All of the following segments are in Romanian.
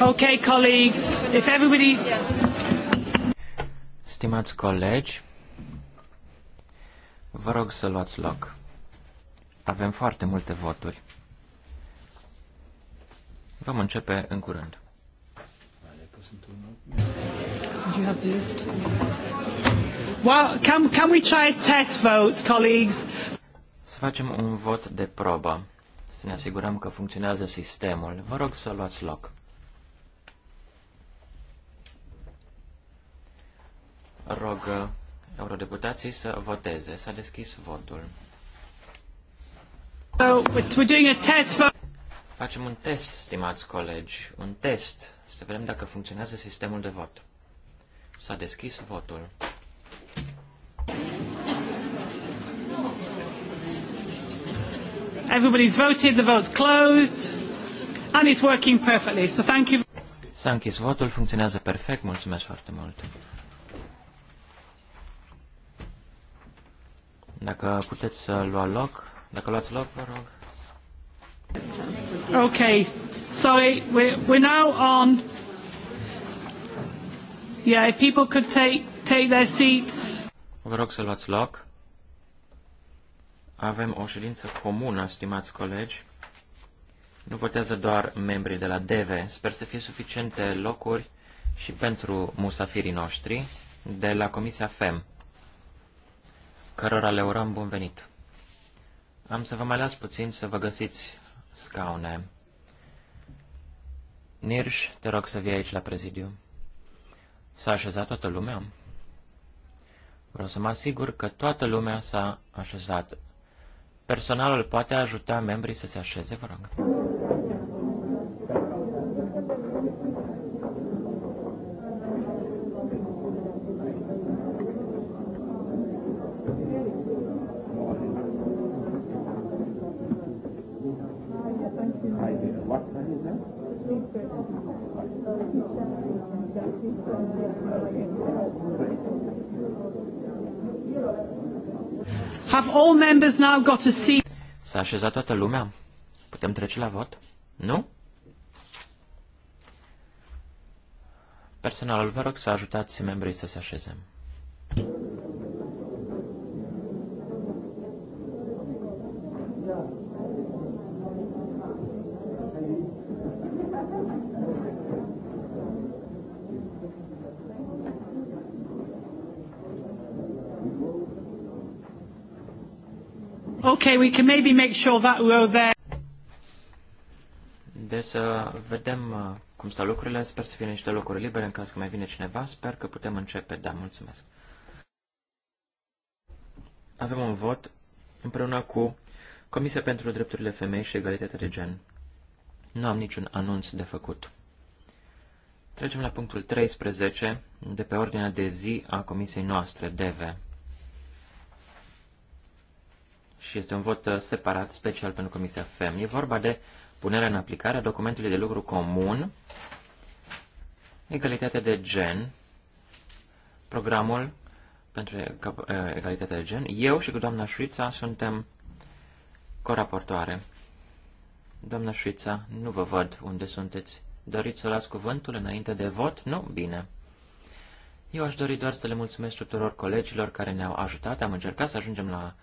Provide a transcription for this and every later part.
Okay, colleagues, if everybody... Stimați colegi, vă rog să luați loc. Avem foarte multe voturi. Vom începe în curând. Well, can, can we try a test vote, colleagues? Să facem un vot de probă. Să ne asigurăm că funcționează sistemul. Vă rog să luați loc. rog eurodeputații să voteze. S-a deschis votul. Facem un test, stimați colegi, un test, să vedem dacă funcționează sistemul de vot. S-a deschis votul. Everybody's voted, the vote's closed, and it's working perfectly, so thank you. S-a închis votul, funcționează perfect, mulțumesc foarte mult. Dacă puteți să lua loc, dacă luați loc, vă rog. Okay, sorry, we're, we're now on. Yeah, if people could take, take their seats. Vă rog să luați loc. Avem o ședință comună, stimați colegi. Nu votează doar membrii de la DV. Sper să fie suficiente locuri și pentru musafirii noștri de la Comisia FEM cărora le urăm bun venit. Am să vă mai las puțin să vă găsiți scaune. Nirș, te rog să vii aici la prezidiu. S-a așezat toată lumea? Vreau să mă asigur că toată lumea s-a așezat. Personalul poate ajuta membrii să se așeze, vă rog. Have all members now got a seat? S-a așezat toată lumea? Putem trece la vot? Nu? Personalul, vă rog să ajutați membrii să se așeze. Okay, we can maybe make sure that row there. Deci să vedem uh, cum stau lucrurile. Sper să fie niște locuri libere în caz că mai vine cineva. Sper că putem începe. Da, mulțumesc. Avem un vot împreună cu Comisia pentru Drepturile Femei și Egalitatea de Gen. Nu am niciun anunț de făcut. Trecem la punctul 13 de pe ordinea de zi a comisiei noastre, DV și este un vot uh, separat, special pentru Comisia FEM. E vorba de punerea în aplicare a documentului de lucru comun, egalitatea de gen, programul pentru uh, egalitatea de gen. Eu și cu doamna Șuița suntem coraportoare. Doamna Șuița, nu vă văd unde sunteți. Doriți să las cuvântul înainte de vot? Nu? Bine. Eu aș dori doar să le mulțumesc tuturor colegilor care ne-au ajutat. Am încercat să ajungem la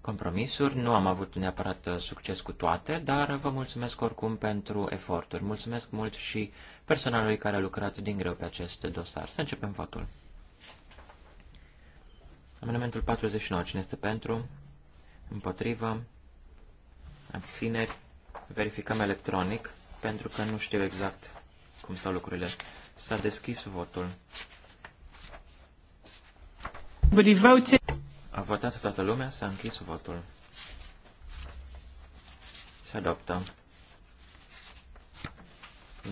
compromisuri. Nu am avut neapărat uh, succes cu toate, dar vă mulțumesc oricum pentru eforturi. Mulțumesc mult și personalului care a lucrat din greu pe acest dosar. Să începem votul. Amendamentul 49. Cine este pentru? Împotrivă? Abțineri? Verificăm electronic, pentru că nu știu exact cum stau lucrurile. S-a deschis votul. A votat toată lumea, s-a închis votul. Se adoptă.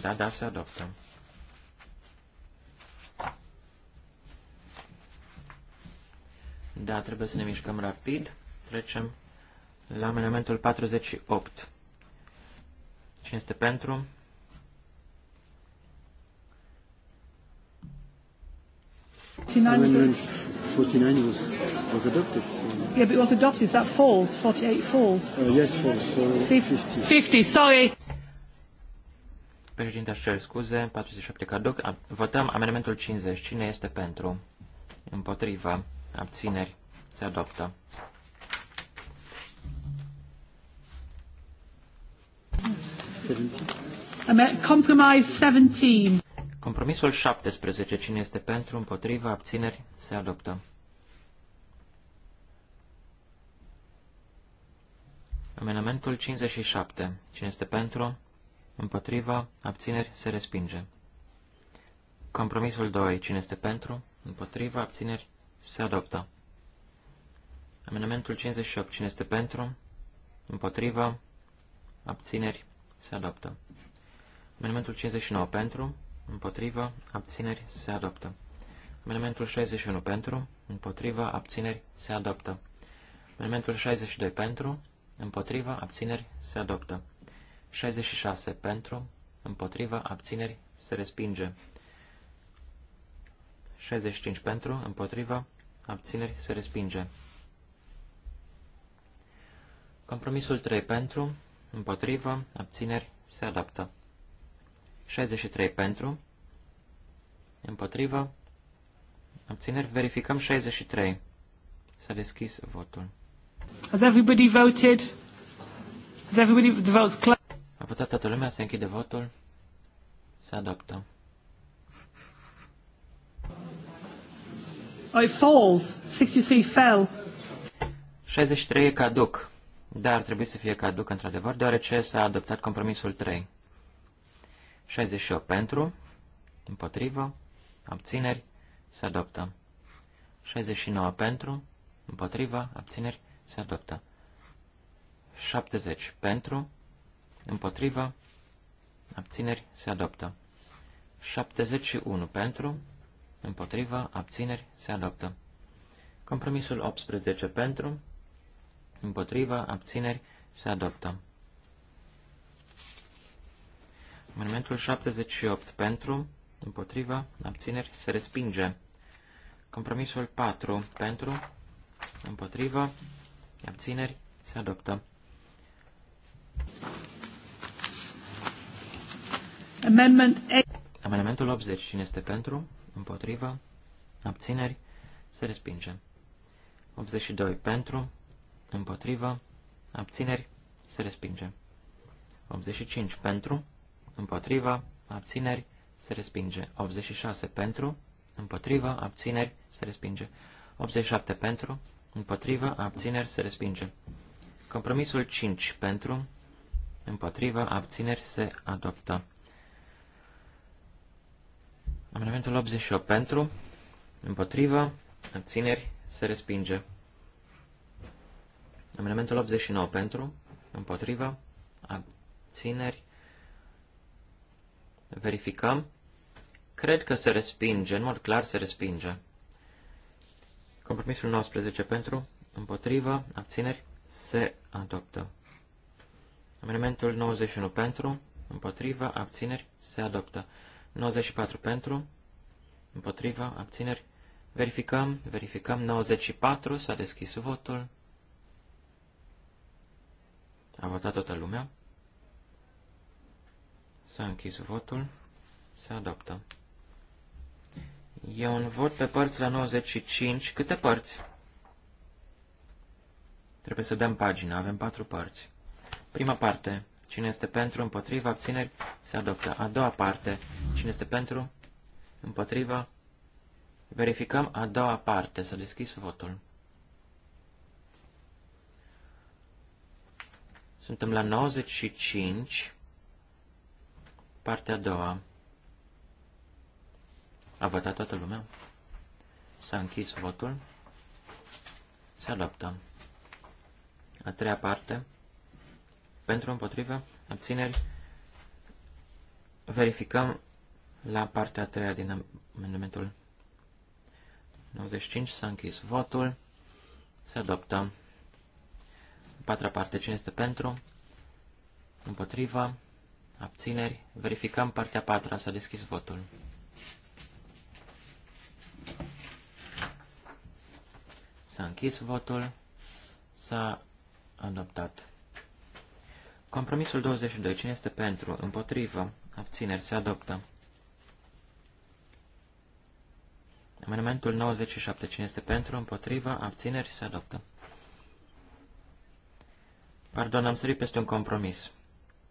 Da, da, se adoptă. Da, trebuie să ne mișcăm rapid. Trecem la amendamentul 48. Cine este pentru? Amendamentul 49 was was adopted. So. Yeah, but it was adopted. That falls. 48 falls. Uh, yes, falls. So 50. 50. Sorry. Președinte, aș cere scuze, 47 caduc. Votăm amendamentul 50. Cine este pentru? Împotriva. Abțineri. Se adoptă. Compromise 17. Compromisul 17. Cine este pentru, împotriva, abțineri, se adoptă. Amendamentul 57. Cine este pentru, împotriva, abțineri, se respinge. Compromisul 2. Cine este pentru, împotriva, abțineri, se adoptă. Amendamentul 58. Cine este pentru, împotriva, abțineri, se adoptă. Amendamentul 59. Pentru, împotriva, abțineri, se adoptă. Amendamentul 61 pentru, împotriva, abțineri, se adoptă. Amendamentul 62 pentru, împotriva, abțineri, se adoptă. 66 pentru, împotriva, abțineri, se respinge. 65 pentru, împotriva, abțineri, se respinge. Compromisul 3 pentru, împotriva, abțineri, se adaptă. 63 pentru, împotrivă, abțineri, verificăm 63. S-a deschis votul. Has everybody voted? Has everybody the votes closed? A votat toată lumea, se închide votul, se adoptă. Oh, it falls. 63 fell. 63 e caduc, dar da, trebuie să fie caduc într-adevăr, deoarece s-a adoptat compromisul 3. 68 pentru, împotrivă, abțineri, se adoptă. 69 pentru, împotrivă, abțineri, se adoptă. 70 pentru, împotrivă, abțineri, se adoptă. 71 pentru, împotrivă, abțineri, se adoptă. Compromisul 18 pentru, împotrivă, abțineri, se adoptă. Amendamentul 78 pentru, împotriva, abțineri, se respinge. Compromisul 4 pentru, împotriva, abțineri, se adoptă. Amendment Amendamentul 80. Cine este pentru? Împotriva? Abțineri? Se respinge. 82. Pentru? Împotriva? Abțineri? Se respinge. 85. Pentru? împotriva, abțineri, se respinge. 86 pentru, împotriva, abțineri, se respinge. 87 pentru, împotriva, abțineri, se respinge. Compromisul 5 pentru, împotriva, abțineri, se adoptă. Amendamentul 88 pentru, împotriva, abțineri, se respinge. Amendamentul 89 pentru, împotriva, abțineri, Verificăm. Cred că se respinge, în mod clar se respinge. Compromisul 19 pentru, împotrivă, abțineri, se adoptă. Amendamentul 91 pentru, împotrivă, abțineri, se adoptă. 94 pentru, împotrivă, abțineri, verificăm, verificăm, 94, s-a deschis votul. A votat toată lumea. S-a închis votul. Se adoptă. E un vot pe părți la 95. Câte părți? Trebuie să dăm pagina. Avem patru părți. Prima parte. Cine este pentru, împotriva, abțineri, se adoptă. A doua parte. Cine este pentru, împotriva, verificăm a doua parte. Să deschis votul. Suntem la 95. Partea a doua. A votat toată lumea? S-a închis votul? Se adoptă. A treia parte. Pentru împotrivă, abțineri, verificăm la partea a treia din amendamentul 95. S-a închis votul. Se adoptă. patra parte. Cine este pentru? Împotriva abțineri, verificăm partea 4, s-a deschis votul. S-a închis votul, s-a adoptat. Compromisul 22, cine este pentru, împotrivă, abțineri, se adoptă. Amendamentul 97. Cine este pentru, împotriva, abțineri, se adoptă. Pardon, am sărit peste un compromis.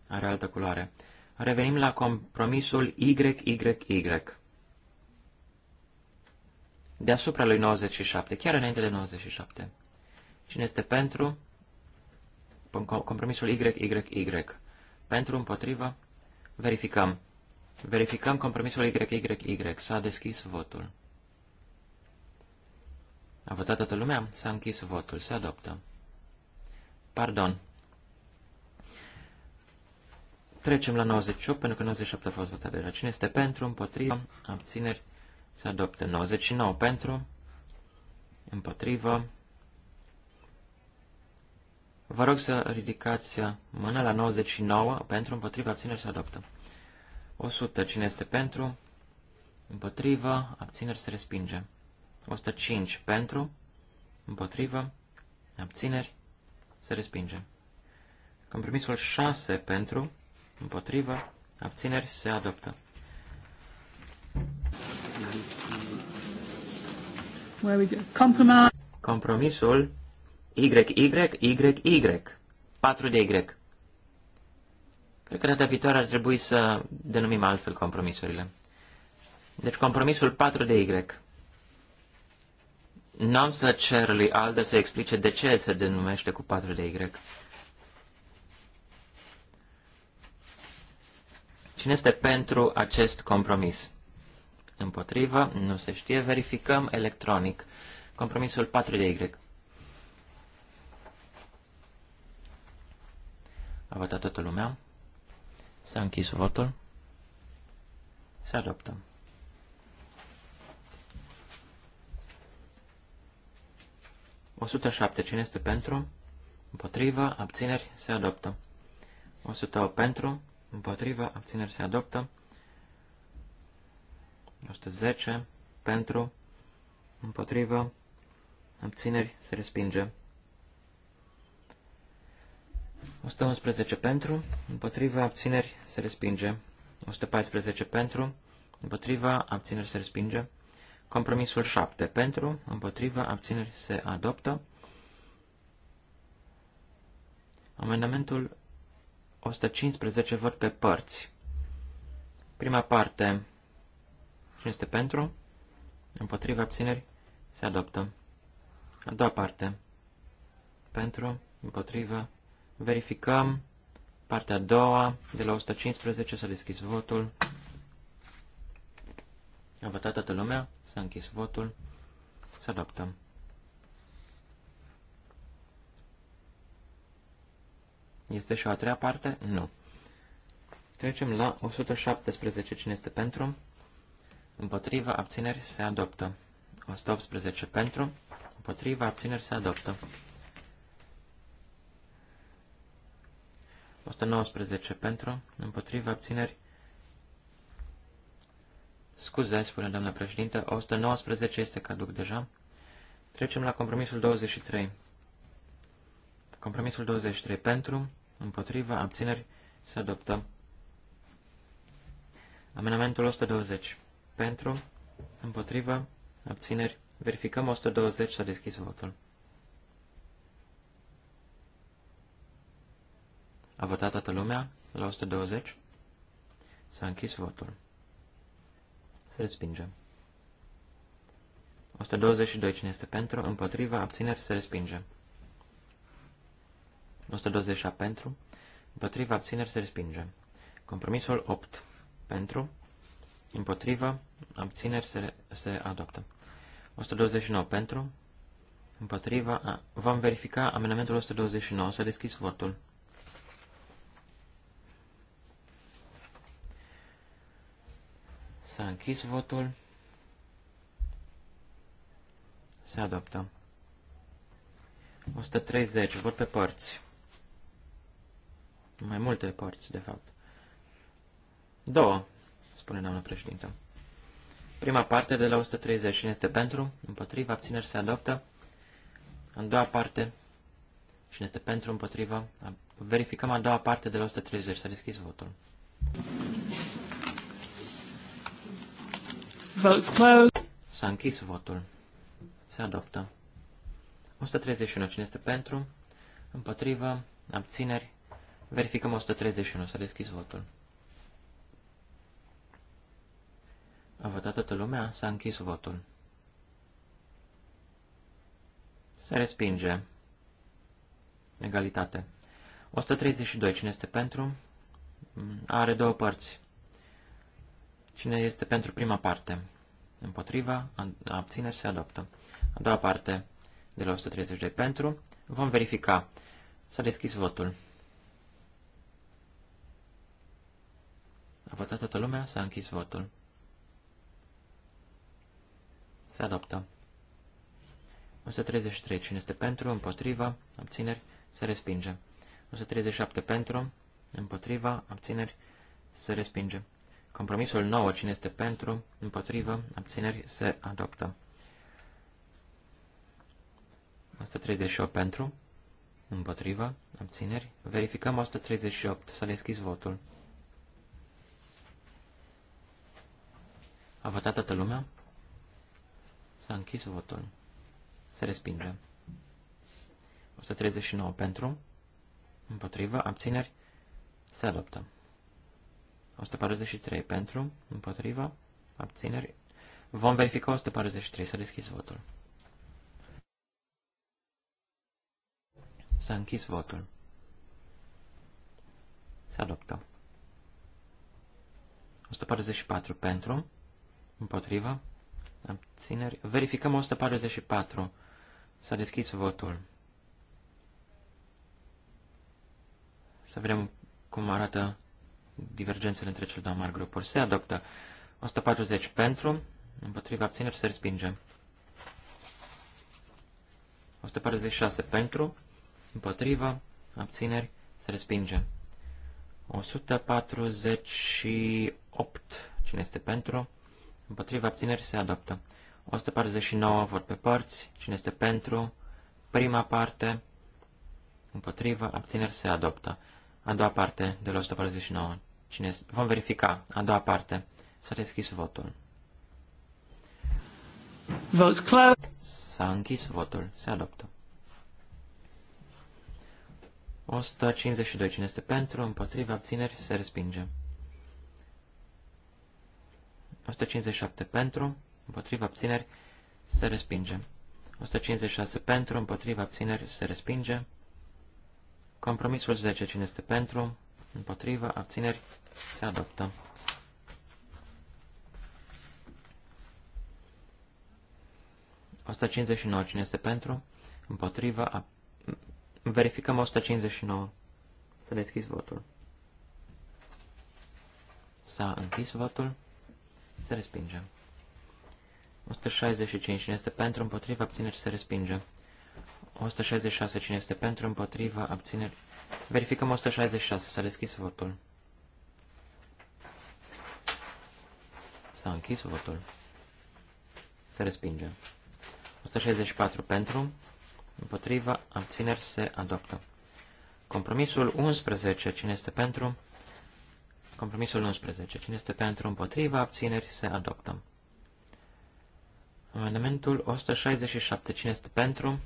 Are altă culoare. Revenim la compromisul YYY. Deasupra lui 97, chiar înainte de 97. Cine este pentru? Compromisul YYY. Pentru, împotrivă, verificăm. Verificăm compromisul YYY. S-a deschis votul. A votat toată lumea? S-a închis votul. Se adoptă. Pardon. Trecem la 98, pentru că 97 a fost votat deja. Cine este pentru, împotriva, abțineri, se adoptă. 99 pentru, împotriva. Vă rog să ridicați mâna la 99, pentru, împotriva, abțineri, se adoptă. 100, cine este pentru, împotriva, abțineri, se respinge. 105 pentru, împotriva, abțineri, se respinge. Compromisul 6 pentru, Împotrivă. Abțineri. Se adoptă. Compromisul YYYY. 4 de Y. Cred că data viitoare ar trebui să denumim altfel compromisurile. Deci compromisul 4 de Y. N-am să cer lui Alde să explice de ce se denumește cu 4 de Y. Cine este pentru acest compromis? Împotrivă, nu se știe, verificăm electronic. Compromisul 4 de Y. A votat toată lumea. S-a închis votul. Se adoptă. O 107. Cine este pentru? Împotrivă, abțineri, se adoptă. 108 pentru, împotriva, abțineri se adoptă. 110 pentru, împotriva, abțineri se respinge. 111 pentru, împotriva, abțineri se respinge. 114 pentru, împotriva, abțineri se respinge. Compromisul 7 pentru, împotriva, abțineri se adoptă. Amendamentul 115 vot pe părți. Prima parte. Cine este pentru? Împotriva abțineri? Se adoptă. A doua parte. Pentru? Împotriva? Verificăm. Partea a doua, de la 115, s-a deschis votul. A votat toată lumea, s-a închis votul, se adoptă. Este și o a treia parte? Nu. Trecem la 117. Cine este pentru? Împotriva abțineri se adoptă. 118 pentru. Împotriva abțineri se adoptă. 119 pentru. Împotriva abțineri. Scuze, spune doamna președinte, 119 este caduc deja. Trecem la compromisul 23. Compromisul 23 pentru, împotriva, abțineri, se adoptă. Amendamentul 120 pentru, împotriva, abțineri, verificăm 120, s-a deschis votul. A votat toată lumea la 120? S-a închis votul. Se respinge. 122 cine este pentru, împotriva, abțineri, se respinge. 127 pentru, împotriva abțineri se respinge. Compromisul 8 pentru, împotriva abțineri se, se adoptă. 129 pentru, împotriva, a, vom verifica amendamentul 129, să deschis votul. S-a închis votul. Se adoptă. 130. Vot pe părți mai multe părți, de fapt. Două, spune doamna președintă. Prima parte de la 130. Cine este pentru? Împotriva. Abțineri se adoptă. A doua parte. Cine este pentru? Împotriva. Verificăm a doua parte de la 130. S-a deschis votul. Votes closed. S-a închis votul. Se adoptă. 131. Cine este pentru? Împotriva. Abțineri. Verificăm 131. S-a deschis votul. A votat toată lumea? S-a închis votul. Se respinge. Egalitate. 132. Cine este pentru? Are două părți. Cine este pentru prima parte? Împotriva, abțineri, se adoptă. A doua parte de la 132 pentru. Vom verifica. S-a deschis votul. A votat toată lumea? S-a închis votul. Se adoptă. 133. Cine este pentru, împotriva, abțineri, se respinge. 137 pentru, împotriva, abțineri, se respinge. Compromisul 9, cine este pentru, împotriva abțineri, se adoptă. 138 pentru, împotriva abțineri, verificăm 138, s-a deschis votul. A votat toată lumea? S-a închis votul. Se respinge. 139 pentru, împotrivă, abțineri, se adoptă. 143 pentru, împotrivă, abțineri. Vom verifica 143, s-a deschis votul. S-a închis votul. Se adoptă. 144 pentru, Împotriva. Abțineri. Verificăm 144. S-a deschis votul. Să vedem cum arată divergențele între cele două mari grupuri. Se adoptă 140 pentru, împotriva abțineri se respinge. 146 pentru, împotriva, abțineri, se respinge. 148, cine este pentru, împotriva abțineri se adoptă. 149 vot pe părți, cine este pentru, prima parte, împotriva abțineri se adoptă. A doua parte de la 149, cine este? vom verifica, a doua parte, s-a deschis votul. Votes closed. S-a închis votul, se adoptă. 152, cine este pentru, împotriva abțineri se respinge. 157 pentru, împotriva abțineri, se respinge. 156 pentru, împotriva abțineri, se respinge. Compromisul 10, cine este pentru, împotriva abțineri, se adoptă. ...159. Cine este pentru? Împotriva... A... Verificăm 159. Să deschis votul. S-a închis votul. Se respinge. 165. Cine este pentru, împotriva, abțineri, se respinge. 166. Cine este pentru, împotriva, abțineri. Verificăm 166. S-a deschis votul. S-a închis votul. Se respinge. 164 pentru, împotriva, abțineri se adoptă. Compromisul 11, cine este pentru, Compromisul 11. Cine este pentru împotriva abțineri se adoptă. Amendamentul 167. Cine este pentru?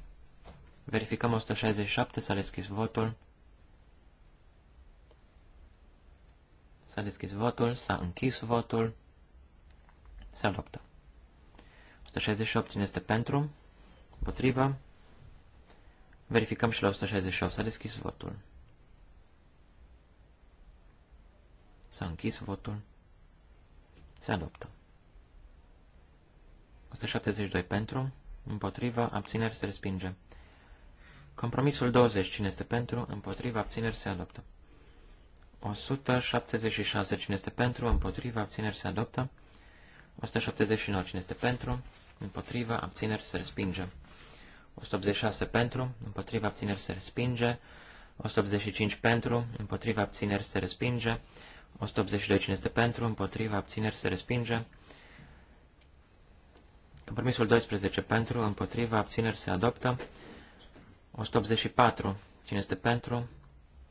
Verificăm 167. S-a deschis votul. S-a deschis votul. S-a închis votul. Se adoptă. 168. Cine este pentru? Împotriva? Verificăm și la 168. S-a deschis votul. S-a închis votul. Se adoptă. 172 pentru, împotriva, abțineri se respinge. Compromisul 20, cine este pentru, împotriva, abțineri se adoptă. 176, cine este pentru, împotriva, abțineri se adoptă. 179, cine este pentru, împotriva, abțineri se respinge. 186 pentru, împotriva, abțineri se respinge. 185 pentru, împotriva, abțineri se respinge. 182 cine este pentru, împotriva, abțineri, se respinge. Compromisul 12 pentru, împotriva, abțineri, se adoptă. 184 cine este pentru,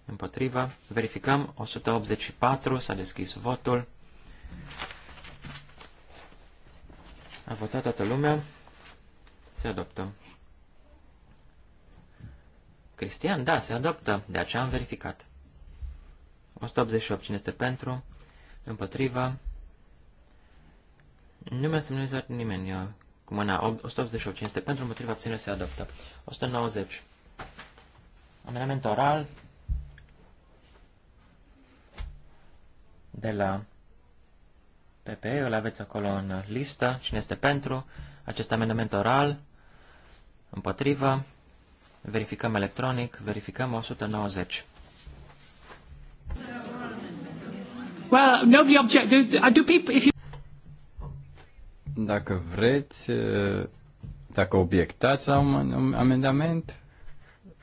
împotriva. Verificăm, 184, s-a deschis votul. A votat toată lumea. Se adoptă. Cristian, da, se adoptă. De aceea am verificat. 188. Cine este pentru? Împotriva. Nu mi-a semnalizat nimeni eu, cu mâna. 188. Cine este pentru? Împotriva. Abține. Se adoptă. 190. Amendament oral de la PP. Îl aveți acolo în listă. Cine este pentru acest amendament oral? Împotriva. Verificăm electronic. Verificăm 190. Well, nobody object. Do, do people, if you... Dacă vreți, uh, dacă obiectați la un amendament,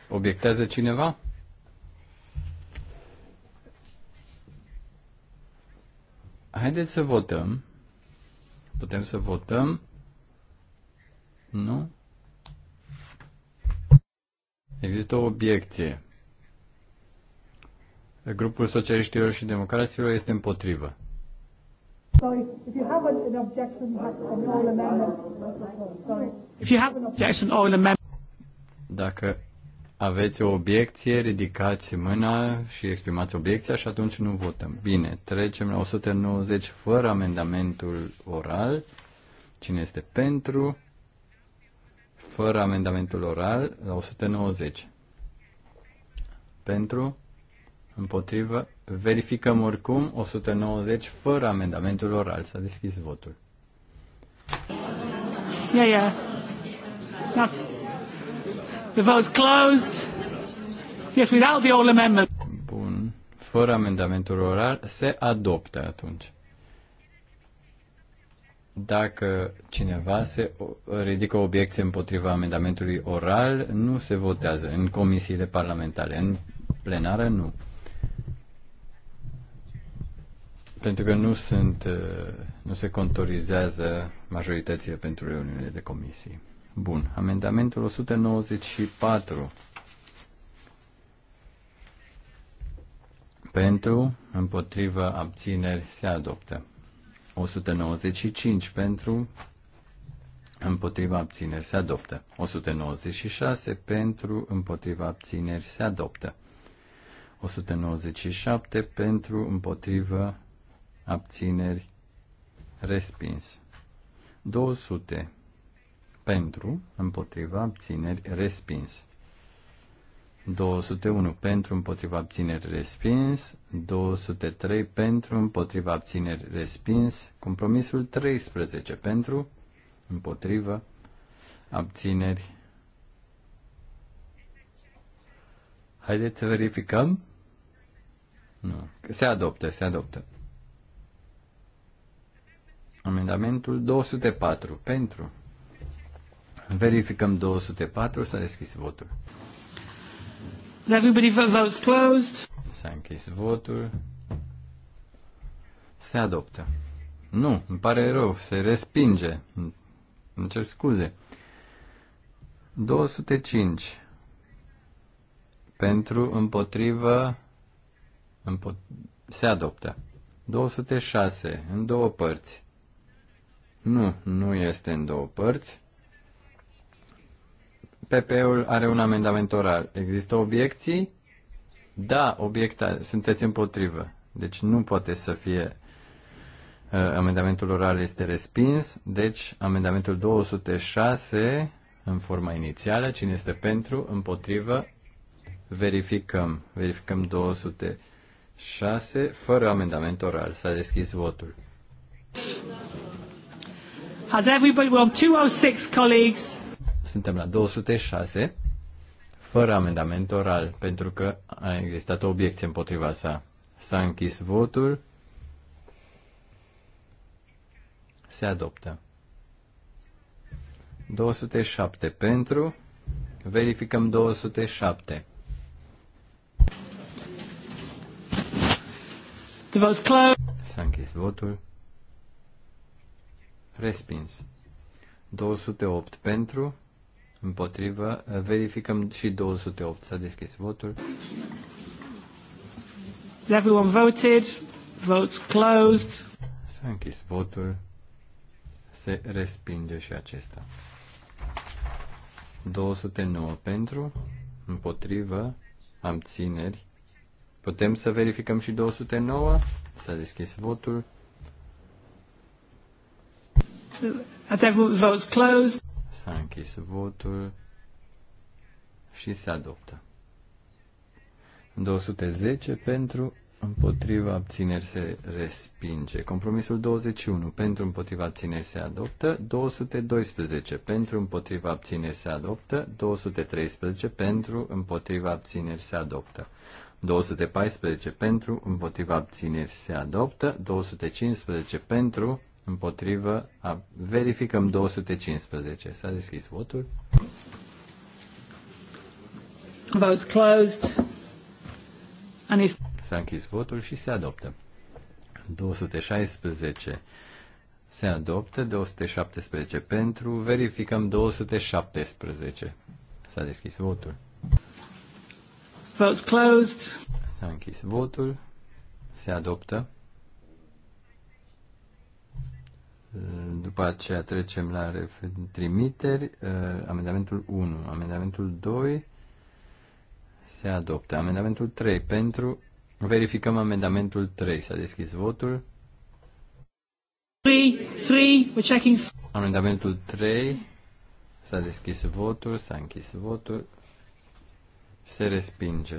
obiectează cineva? Haideți să votăm. Putem să votăm. Nu? Există o obiecție. Grupul Socialiștilor și Democraților este împotrivă. Dacă aveți o obiecție, ridicați mâna și exprimați obiecția și atunci nu votăm. Bine, trecem la 190 fără amendamentul oral. Cine este pentru? Fără amendamentul oral, la 190. Pentru? împotrivă, verificăm oricum 190 fără amendamentul oral. S-a deschis votul. Yeah, yeah. That's... The vote's closed. Yes, without the oral amendment. Bun. Fără amendamentul oral se adoptă atunci. Dacă cineva se ridică obiecție împotriva amendamentului oral, nu se votează în comisiile parlamentare. În plenară, nu. pentru că nu sunt, uh, nu se contorizează majoritatea pentru reuniunile de comisii. Bun. Amendamentul 194. Pentru, împotrivă, abțineri, se adoptă. 195 pentru, împotriva abțineri se adoptă. 196 pentru, împotriva abțineri se adoptă. 197 pentru, împotriva abțineri, respins. 200 pentru, împotriva, abțineri, respins. 201 pentru, împotriva, abțineri, respins. 203 pentru, împotriva, abțineri, respins. Compromisul 13 pentru, împotriva, abțineri. Haideți să verificăm. Nu. Se adoptă, se adoptă. Amendamentul 204 pentru. Verificăm 204, s-a deschis votul. Everybody votes closed. S-a închis votul. Se adoptă. Nu, îmi pare rău, se respinge. Îmi cer scuze. 205 pentru împotrivă împot- se adoptă. 206 în două părți. Nu, nu este în două părți. PP-ul are un amendament oral. Există obiecții? Da, obiecta, sunteți împotrivă. Deci nu poate să fie uh, amendamentul oral este respins, deci amendamentul 206 în forma inițială, cine este pentru, împotrivă, verificăm. Verificăm 206 fără amendament oral. S-a deschis votul. Has everybody, well, 206 colleagues. Suntem la 206, fără amendament oral, pentru că a existat o obiecție împotriva sa. S-a închis votul. Se adoptă. 207 pentru. Verificăm 207. S-a închis votul. Respins. 208 pentru, împotrivă. Verificăm și 208. S-a deschis votul. Everyone voted. Votes closed. S-a închis votul. Se respinge și acesta. 209 pentru, împotrivă, abțineri. Putem să verificăm și 209. S-a deschis votul. As everyone votes closed. S-a închis votul și se adoptă. 210 pentru, împotriva abțineri se respinge. Compromisul 21 pentru împotriva abțineri se adoptă, 212 pentru împotriva abțineri se adoptă, 213 pentru împotriva abțineri se adoptă. 214 pentru, împotriva abțineri se adoptă, 215 pentru, împotrivă, a, verificăm 215. S-a deschis votul. Votes closed. And S-a închis votul și se adoptă. 216 se adoptă, 217 pentru, verificăm 217. S-a deschis votul. Votes closed. S-a închis votul. Se adoptă. După aceea trecem la trimiteri. Uh, amendamentul 1. Amendamentul 2 se adoptă. Amendamentul 3 pentru. Verificăm amendamentul 3. S-a deschis votul. 3, 3, we're checking. Amendamentul 3. S-a deschis votul, s-a închis votul. Se respinge.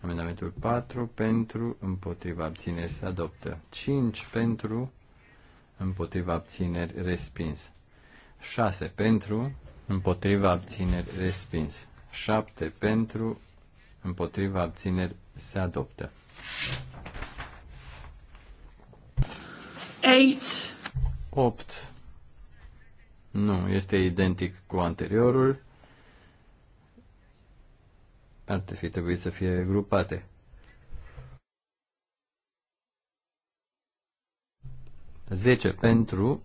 Amendamentul 4 pentru, împotriva abțineri se adoptă. 5 pentru, împotriva abțineri respins. 6 pentru, împotriva abțineri respins. 7 pentru, împotriva abțineri se adoptă. 8 8 nu, este identic cu anteriorul. Ar fi trebuit să fie grupate. 10 pentru.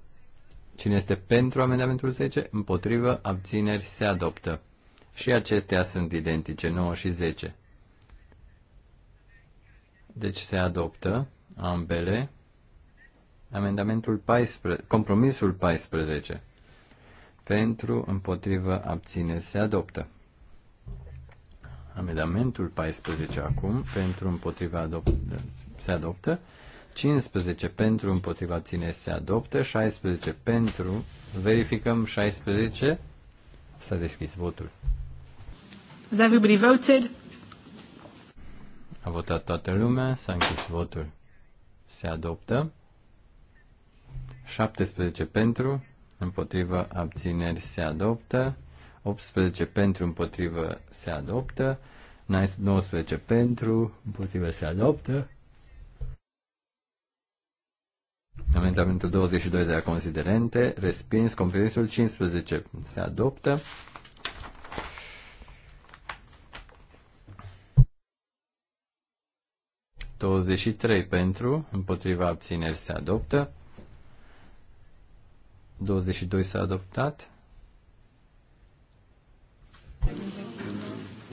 Cine este pentru amendamentul 10? Împotrivă. Abțineri. Se adoptă. Și acestea sunt identice, 9 și 10. Deci se adoptă ambele. Amendamentul 14, compromisul 14. Pentru, împotrivă, abțineri se adoptă. Amendamentul 14 acum, pentru, împotrivă, adop- se adoptă. 15 pentru, împotriva ține se adoptă, 16 pentru, verificăm 16, s-a deschis votul. Has everybody voted? A votat toată lumea, s-a închis votul. Se adoptă. 17 pentru, împotriva abțineri se adoptă. 18 pentru, împotriva se adoptă. 19 pentru, împotriva se adoptă. Amendamentul 22 de la considerente, respins, compromisul 15 se adoptă. trei pentru, împotriva abțineri se adoptă. 22 s-a adoptat.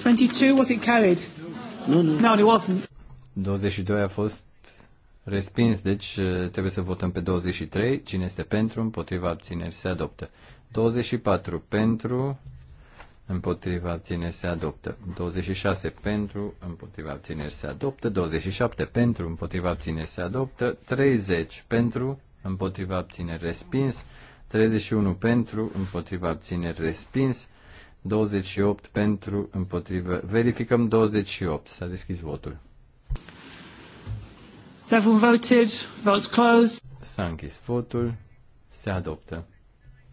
22 was it carried? No, no. No, it wasn't. 22 a fost Respins, deci uh, trebuie să votăm pe 23. Cine este pentru, împotriva abțineri, se adoptă. 24 pentru, împotriva abțineri, se adoptă. 26 pentru, împotriva abțineri, se adoptă. 27 pentru, împotriva abțineri, se adoptă. 30 pentru, împotriva abțineri, respins. 31 pentru, împotriva abțineri, respins. 28 pentru, împotriva... Verificăm 28. S-a deschis votul. Has everyone voted? Votes closed. S-a închis votul. Se adoptă.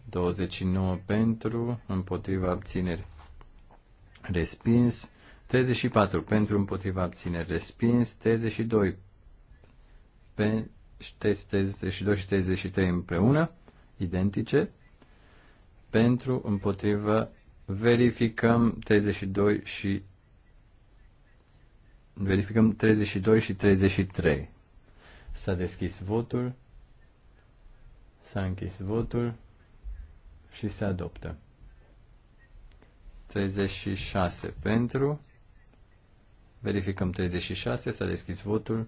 29 pentru, împotriva abțineri. Respins. 34 pentru, împotriva abțineri. Respins. 32 pe 32 și 33 împreună, identice. Pentru, împotriva, verificăm 32 și verificăm 32 și 33. S-a deschis votul. S-a închis votul și se adoptă. 36 pentru. Verificăm 36, s-a deschis votul.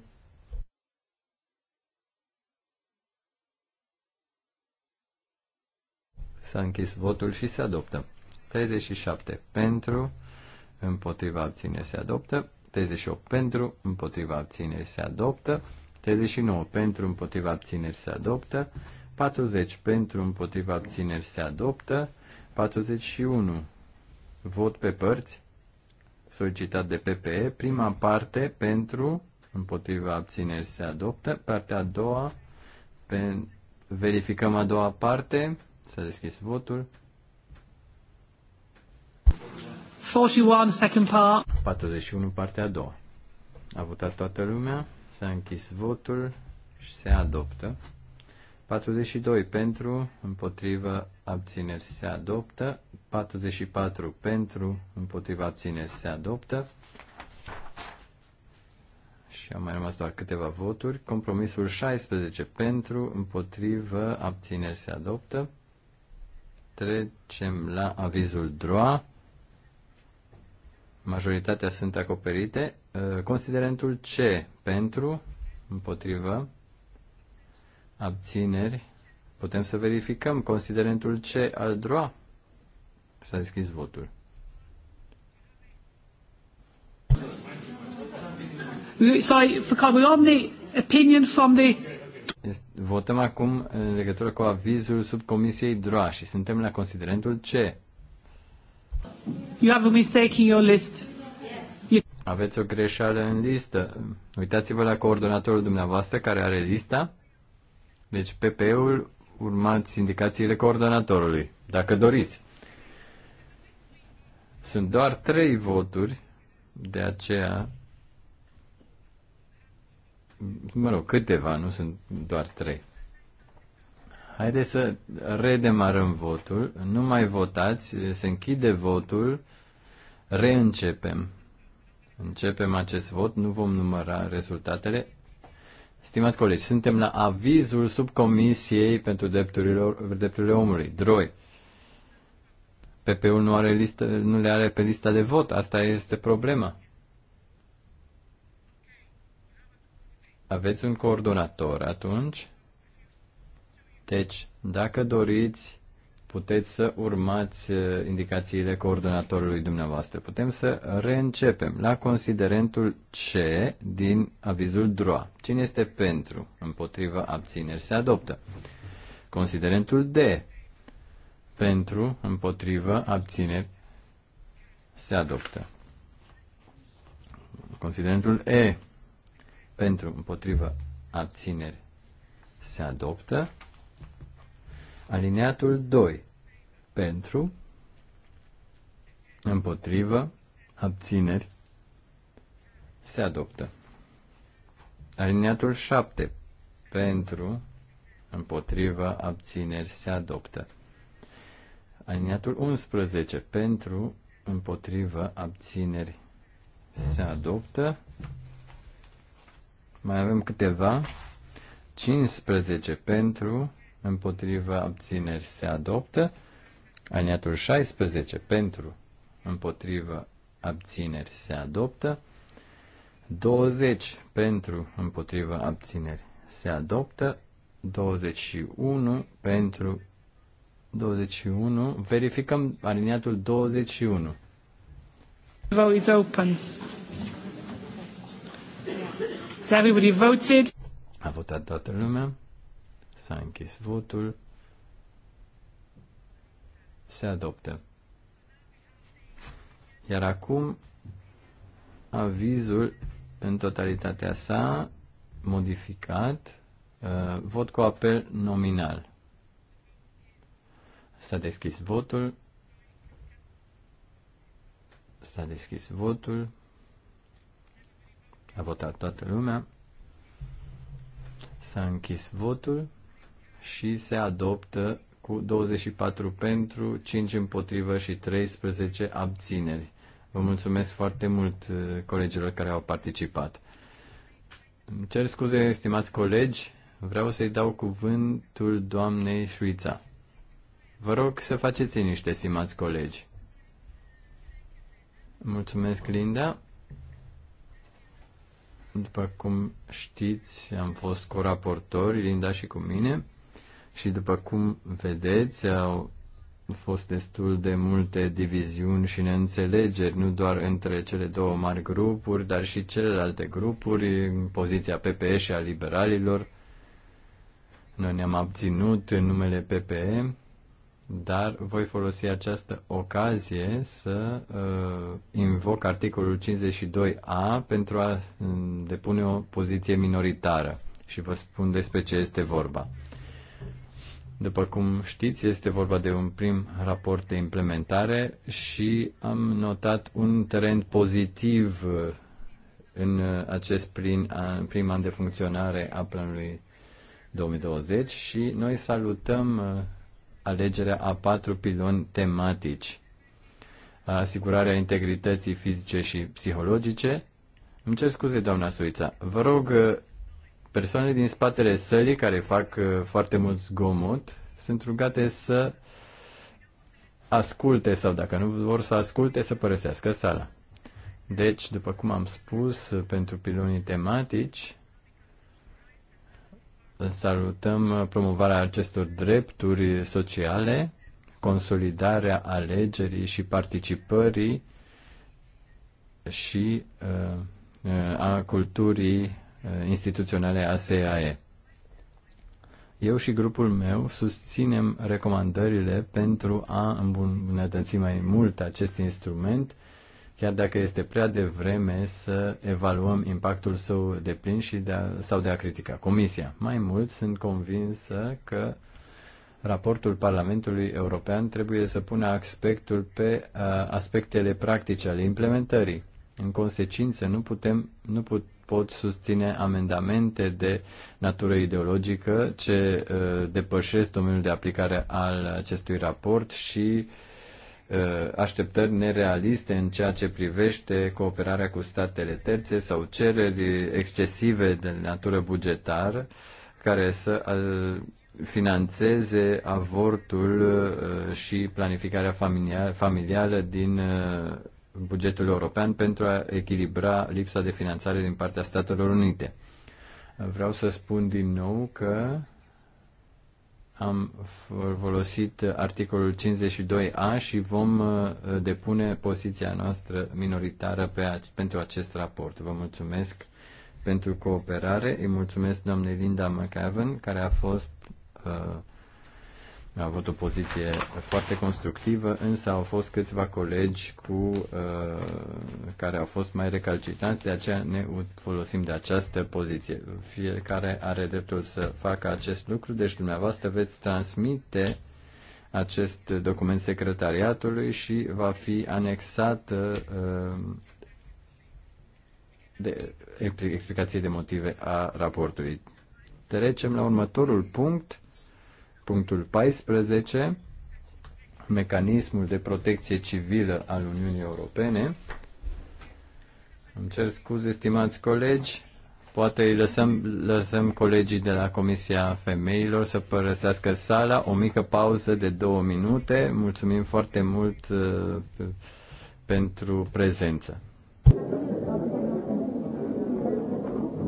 S-a închis votul și se adoptă. 37 pentru, împotriva abțineri se adoptă. 38 pentru, împotriva abțineri se adoptă. 39 pentru împotriva abțineri se adoptă, 40 pentru împotriva abțineri se adoptă, 41 vot pe părți solicitat de PPE, prima parte pentru împotriva abțineri se adoptă, partea a doua pe, verificăm a doua parte, s-a deschis votul. 41, second part. 41, partea a doua. A votat toată lumea. S-a închis votul și se adoptă. 42 pentru, împotrivă, abțineri se adoptă. 44 pentru, împotriva abțineri se adoptă. Și au mai rămas doar câteva voturi. Compromisul 16 pentru, împotrivă, abțineri se adoptă. Trecem la avizul DROA. Majoritatea sunt acoperite. Uh, considerentul C pentru, împotrivă, abțineri. Putem să verificăm considerentul C al droa. S-a deschis votul. Sorry, we're on the opinion from the... Votăm acum în legătură cu avizul subcomisiei DROA și suntem la considerentul C. You have a mistake in your list. Aveți o greșeală în listă. Uitați-vă la coordonatorul dumneavoastră care are lista. Deci PP-ul urmați indicațiile coordonatorului, dacă doriți. Sunt doar trei voturi, de aceea, mă rog, câteva, nu sunt doar trei. Haideți să redemarăm votul, nu mai votați, se închide votul, reîncepem. Începem acest vot, nu vom număra rezultatele. Stimați colegi, suntem la avizul subcomisiei pentru drepturile, drepturile omului, DROI. PP-ul nu, are listă, nu le are pe lista de vot, asta este problema. Aveți un coordonator atunci? Deci, dacă doriți puteți să urmați uh, indicațiile coordonatorului dumneavoastră. Putem să reîncepem la considerentul C din avizul DROA. Cine este pentru? Împotriva abțineri se adoptă. Considerentul D. Pentru, împotriva abțineri se adoptă. Considerentul E. Pentru, împotriva abțineri se adoptă. Alineatul 2. Pentru, împotrivă, abțineri, se adoptă. Alineatul 7. Pentru, împotrivă, abțineri, se adoptă. Alineatul 11. Pentru, împotrivă, abțineri, se adoptă. Mai avem câteva. 15 pentru, împotriva abțineri se adoptă. Aniatul 16 pentru împotriva abțineri se adoptă. 20 pentru împotriva abțineri se adoptă. 21 pentru 21. Verificăm aliniatul 21. Vote is open. Everybody voted. A votat toată lumea. S-a închis votul. Se adoptă. Iar acum avizul în totalitatea sa modificat, uh, vot cu apel nominal. S-a deschis votul. S-a deschis votul. A votat toată lumea. S-a închis votul și se adoptă cu 24 pentru, 5 împotrivă și 13 abțineri. Vă mulțumesc foarte mult uh, colegilor care au participat. Îmi cer scuze, estimați colegi, vreau să-i dau cuvântul doamnei Șuița. Vă rog să faceți niște, estimați colegi. Mulțumesc, Linda. După cum știți, am fost coraportori, Linda și cu mine și după cum vedeți, au fost destul de multe diviziuni și neînțelegeri, nu doar între cele două mari grupuri, dar și celelalte grupuri, în poziția PPE și a liberalilor. Noi ne-am abținut în numele PPE, dar voi folosi această ocazie să uh, invoc articolul 52A pentru a uh, depune o poziție minoritară și vă spun despre ce este vorba. După cum știți, este vorba de un prim raport de implementare și am notat un trend pozitiv uh, în acest prim an, prim an de funcționare a planului 2020 și noi salutăm uh, alegerea a patru piloni tematici. Asigurarea integrității fizice și psihologice. Îmi cer scuze, doamna Suița. Vă rog, uh, Persoanele din spatele sălii care fac uh, foarte mult zgomot sunt rugate să asculte sau dacă nu vor să asculte să părăsească sala. Deci, după cum am spus, uh, pentru pilonii tematici, salutăm uh, promovarea acestor drepturi sociale, consolidarea alegerii și participării și a culturii Uh, instituționale a Eu și grupul meu susținem recomandările pentru a îmbunătăți mai mult acest instrument, chiar dacă este prea devreme să evaluăm impactul său de plin și de a, sau de a critica Comisia. Mai mult, sunt convinsă că raportul Parlamentului European trebuie să pună aspectul pe uh, aspectele practice ale implementării. În consecință, nu putem, nu put, pot susține amendamente de natură ideologică ce uh, depășesc domeniul de aplicare al acestui raport și uh, așteptări nerealiste în ceea ce privește cooperarea cu statele terțe sau cereri excesive de natură bugetară care să uh, financeze avortul și planificarea familială din bugetul european pentru a echilibra lipsa de finanțare din partea Statelor Unite. Vreau să spun din nou că am folosit articolul 52A și vom uh, depune poziția noastră minoritară pe, pentru acest raport. Vă mulțumesc pentru cooperare. Îi mulțumesc doamnei Linda McAvan care a fost uh, a avut o poziție foarte constructivă, însă au fost câțiva colegi cu, uh, care au fost mai recalcitranți, de aceea ne folosim de această poziție. Fiecare are dreptul să facă acest lucru, deci dumneavoastră veți transmite acest document secretariatului și va fi anexat uh, de explicație de motive a raportului. Trecem la următorul punct Punctul 14. Mecanismul de protecție civilă al Uniunii Europene. Îmi cer scuze, estimați colegi, poate îi lăsăm, lăsăm colegii de la Comisia Femeilor să părăsească sala, o mică pauză de două minute. Mulțumim foarte mult uh, pentru prezență.